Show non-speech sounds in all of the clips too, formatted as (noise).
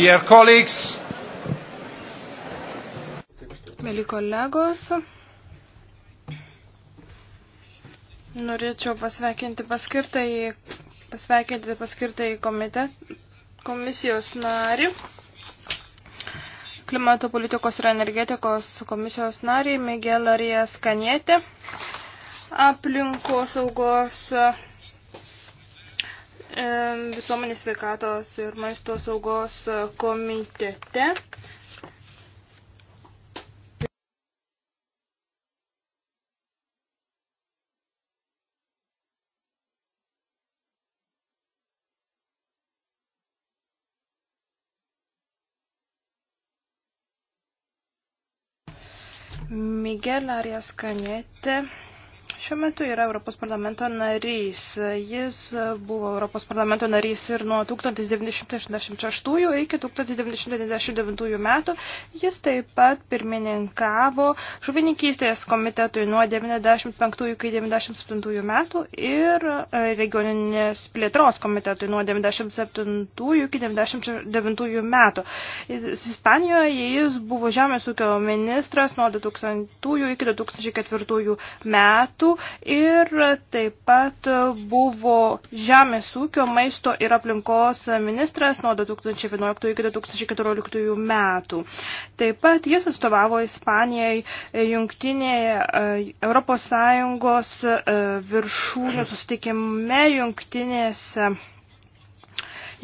Dear colleagues. Mėly kolegos, norėčiau pasveikinti paskirtai, pasveikinti paskirtai komitet, komisijos narį, klimato politikos ir energetikos komisijos narį Miguel Arijas Kanietė, aplinkos saugos E, visuomenės sveikatos ir maisto saugos komitete. Miguel Arias Cañete šiuo metu yra Europos parlamento narys. Jis buvo Europos parlamento narys ir nuo 1986 iki 1999 metų. Jis taip pat pirmininkavo žuvininkystės komitetui nuo 1995 iki 1997 metų ir e, regioninės plėtros komitetui nuo 1997 iki 1999 metų. Ispanijoje jis buvo žemės ūkio ministras nuo 2000 iki 2004 metų projektų ir taip pat buvo žemės ūkio, maisto ir aplinkos ministras nuo 2011 iki 2014 metų. Taip pat jis atstovavo Ispanijai jungtinėje e, Europos Sąjungos e, viršūnių sustikime jungtinėse,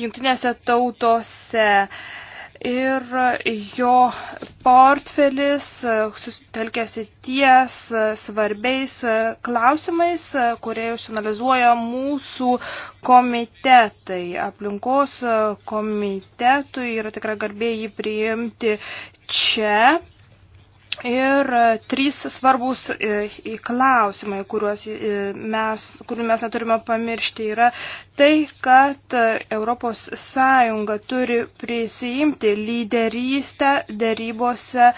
jungtinėse tautose ir jo portfelis e, susitelkėsi ties e, svarbiais e, klausimais, kurie jūs analizuoja mūsų komitetai. Aplinkos komitetui yra tikrai garbė jį priimti čia. Ir e, trys svarbus e, klausimai, e, mes, kurių mes neturime pamiršti, yra tai, kad ES turi prisijimti lyderystę dėrybose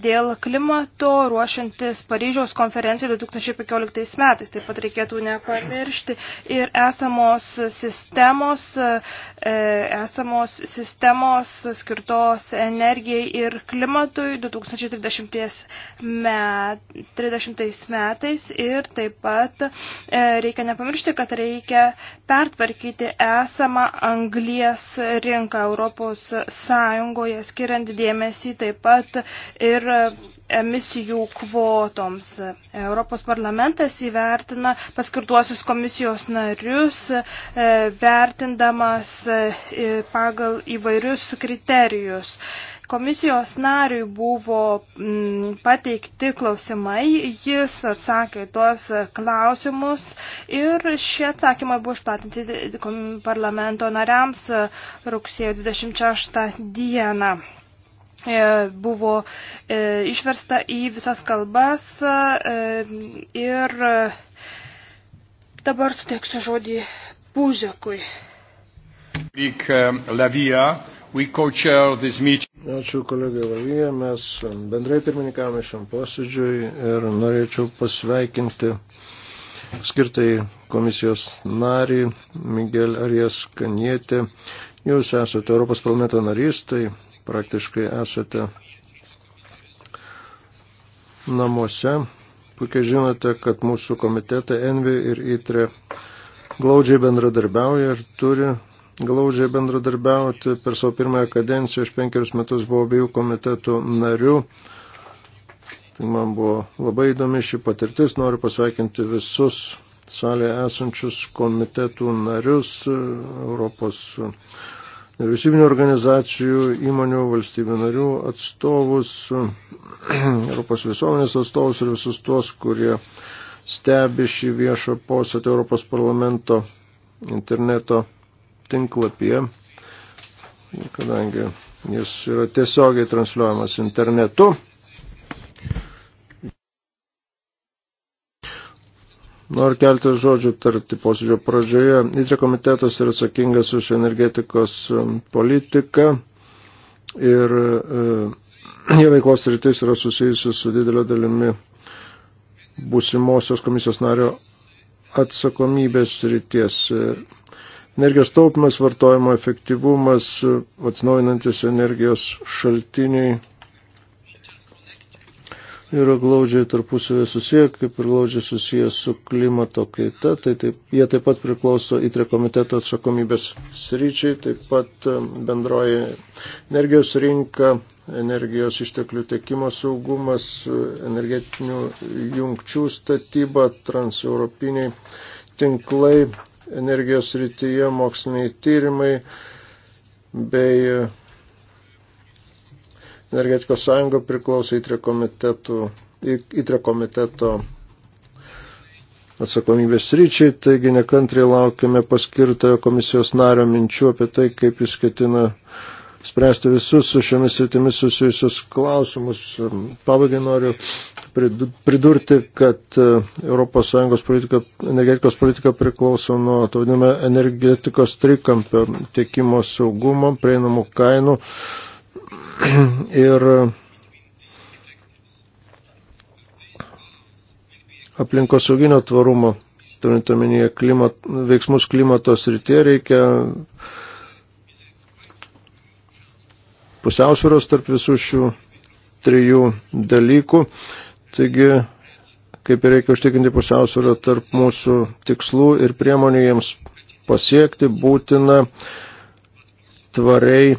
dėl klimato ruošiantis Paryžiaus konferencijai 2015 metais. Taip pat reikėtų nepamiršti ir esamos sistemos, esamos sistemos skirtos energijai ir klimatui 2030 30, met, 30 metais ir taip pat e, reikia nepamiršti, kad reikia pertvarkyti esamą anglies rinką Europos Sąjungoje, skiriant dėmesį taip pat ir emisijų kvotoms. Europos parlamentas įvertina paskirtuosius komisijos narius, e, vertindamas e, pagal įvairius kriterijus. Komisijos nariui buvo mm, pateikti klausimai, jis atsakė tuos klausimus ir šie atsakymai buvo išplatinti parlamento nariams rugsėjo 26 dieną. E, buvo e, išversta į visas kalbas e, ir dabar suteiksiu žodį Pūžekui. Ačiū kolegai Lavija, mes bendrai pirmininkavome šiam posėdžiui ir norėčiau pasveikinti skirtai komisijos narį Miguel Arijas Kanietė. Jūs esate Europos parlamento narys, tai praktiškai esate namuose. Puikiai žinote, kad mūsų komitetai Envi ir ITRE glaudžiai bendradarbiauja ir turi glaudžiai bendradarbiauti. Per savo pirmąją kadenciją aš penkerius metus buvau abiejų komitetų narių. Tai man buvo labai įdomi ši patirtis. Noriu pasveikinti visus salėje esančius komitetų narius Europos nevyriausybinio organizacijų, įmonių, valstybių narių atstovus, (clears throat) Europos visuomenės atstovus ir visus tuos, kurie stebi šį viešą posėdį Europos parlamento interneto tinklapyje, kadangi jis yra tiesiogiai transliuojamas internetu. Noriu keltą žodžių tarti posėdžio pradžioje. Įtrė komitetas yra atsakingas už energetikos um, politiką ir uh, e, (clears throat) jie veiklos rytis yra susijusi su didelio dalimi būsimosios komisijos nario atsakomybės ryties. Energijos taupimas, vartojimo efektyvumas, atsinaujinantis energijos šaltiniai yra glaudžiai tarpusavė susiję, kaip ir glaudžiai susiję su klimato kaita, tai taip, jie taip pat priklauso įtre komiteto atsakomybės sryčiai, taip pat bendroji energijos rinka, energijos išteklių tiekimo saugumas, energetinių jungčių statyba, transeuropiniai tinklai, energijos rytyje moksliniai tyrimai bei Energetikos sąjunga priklauso įtre komitetų, įtre komiteto atsakomybės ryčiai, taigi nekantriai laukiame paskirtojo komisijos nario minčių apie tai, kaip jis ketina spręsti visus su šiomis sritimis susijusius klausimus. Pabaigai noriu pridurti, kad ES politika, energetikos politika priklauso nuo to vadinamą energetikos trikampio tiekimo saugumo, prieinamų kainų (clears throat) ir aplinkosauginio tvarumo, turint omenyje klimat, veiksmus klimato srityje, reikia pusiausvėros tarp visų šių trijų dalykų. Taigi, kaip ir reikia užtikrinti pusiausvėrą tarp mūsų tikslų ir priemonių jiems pasiekti, būtina tvariai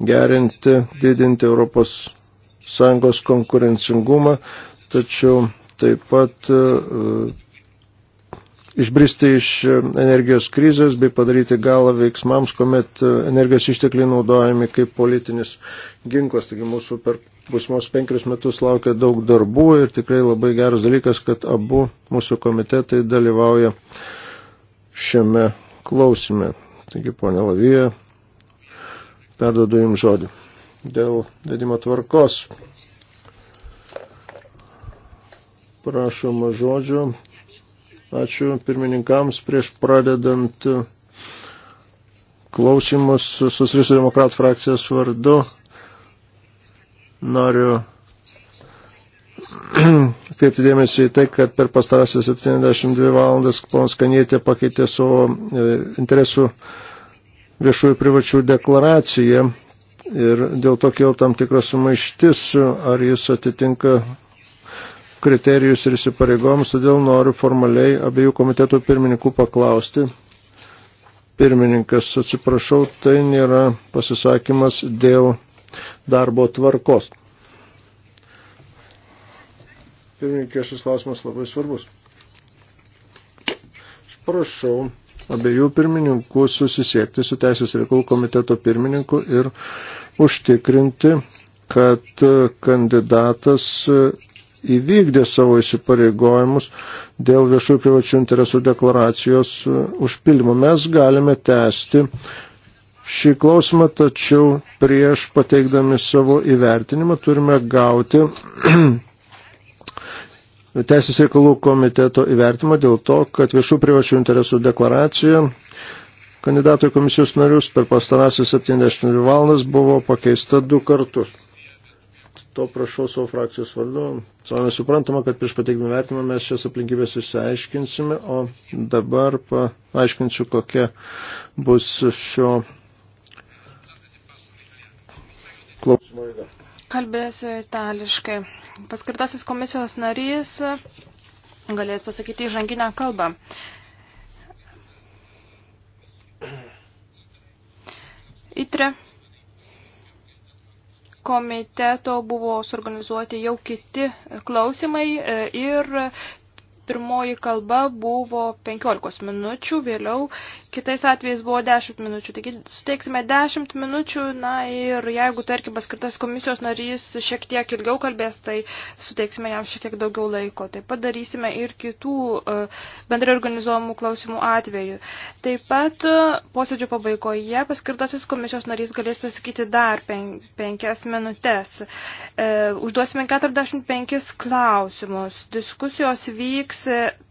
gerinti, didinti Europos Sąjungos konkurencingumą, tačiau taip pat e, e, išbristi iš e, energijos krizės bei padaryti galą veiksmams, kuomet energijos ištekliai naudojami kaip politinis ginklas. Taigi mūsų per pusmos penkerius metus laukia daug darbų ir tikrai labai geras dalykas, kad abu mūsų komitetai dalyvauja šiame klausime. Taigi, ponė Lavija, perdodu jums žodį dėl vedimo tvarkos. Prašoma žodžio. Ačiū pirmininkams prieš pradedant klausimus susirišų demokratų frakcijos vardu. Noriu (clears throat) atkreipti dėmesį į tai, kad per pastarąsias 72 valandas ponas Kanietė pakeitė savo e, interesų viešųjų privačių deklaraciją ir dėl to kėl tam tikras sumaištis, ar jis atitinka kriterijus ir įsipareigojimus, todėl noriu formaliai abiejų komitetų pirmininkų paklausti. Pirmininkas, atsiprašau, tai nėra pasisakymas dėl darbo tvarkos. Pirmininkė, šis klausimas labai svarbus. Aš prašau abiejų pirmininkų susisiekti su Teisės reikalų komiteto pirmininku ir užtikrinti, kad e, kandidatas e, įvykdė savo įsipareigojimus dėl viešų privačių interesų deklaracijos e, užpildymo. Mes galime tęsti šį klausimą, tačiau prieš pateikdami savo įvertinimą turime gauti (clears throat) Teisės reikalų komiteto įvertimą dėl to, kad viešų privačių interesų deklaracija kandidatų į komisijos narius per pastarąsias 70 valandas buvo pakeista du kartus. To prašau savo frakcijos vardu. Savame suprantama, kad prieš pateikdami vertimą mes šias aplinkybės išsiaiškinsime, o dabar paaiškinsiu, kokia bus šio klausimo įga. Kalbėsiu itališkai. Paskirtasis komisijos narys galės pasakyti įžanginę kalbą. ITRE komiteto buvo suorganizuoti jau kiti klausimai e, ir pirmoji kalba buvo 15 minučių, vėliau kitais atvejais buvo 10 minučių. Taigi suteiksime 10 minučių, na ir jeigu, tarkim, paskirtas komisijos narys šiek tiek ilgiau kalbės, tai suteiksime jam šiek tiek daugiau laiko. Tai padarysime ir kitų e, bendrai organizuojamų klausimų atveju. Taip pat e, posėdžio pabaigoje paskirtasis komisijos narys galės pasakyti dar 5 pen minutės. E, užduosime 45 klausimus. Diskusijos vyks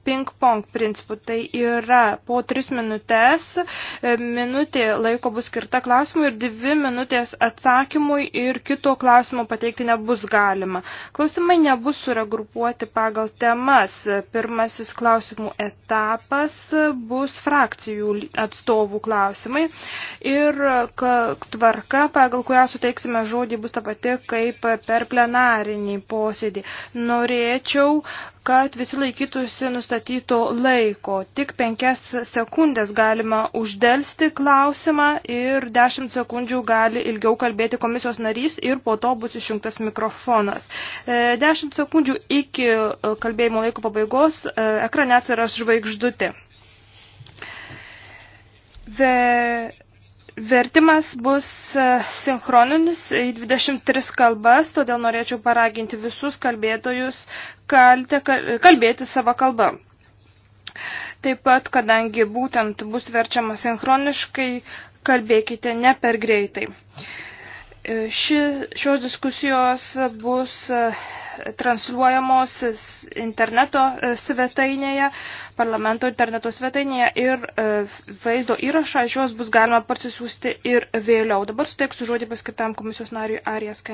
ping-pong principu. Tai yra po 3 minutės, e, minutė laiko bus skirta klausimui ir 2 minutės atsakymui ir kito klausimo pateikti nebus galima. Klausimai nebus suregrupuoti pagal temas. Pirmasis klausimų etapas bus frakcijų atstovų klausimai ir tvarka, pagal kurią suteiksime žodį, bus ta pati kaip per plenarinį posėdį. Norėčiau uh, kad visi laikytųsi nustatyto laiko. Tik penkias sekundės galima uždelsti klausimą ir dešimt sekundžių gali ilgiau kalbėti komisijos narys ir po to bus išjungtas mikrofonas. E, dešimt sekundžių iki e, kalbėjimo laiko pabaigos e, ekrane atsiras žvaigždutė. Ve Vertimas bus e, sinchroninis į 23 kalbas, todėl norėčiau paraginti visus kalbėtojus kalbėti, kalbėti savo kalbą. Taip pat, kadangi būtent bus verčiama sinchroniškai, kalbėkite ne per greitai. Uh, Ši, šios diskusijos bus e, transliuojamos interneto e, svetainėje, parlamento interneto svetainėje ir e, vaizdo įrašą šios bus galima parsisiųsti ir vėliau. Dabar suteiksiu žodį paskirtam komisijos nariui Arijas Kanė.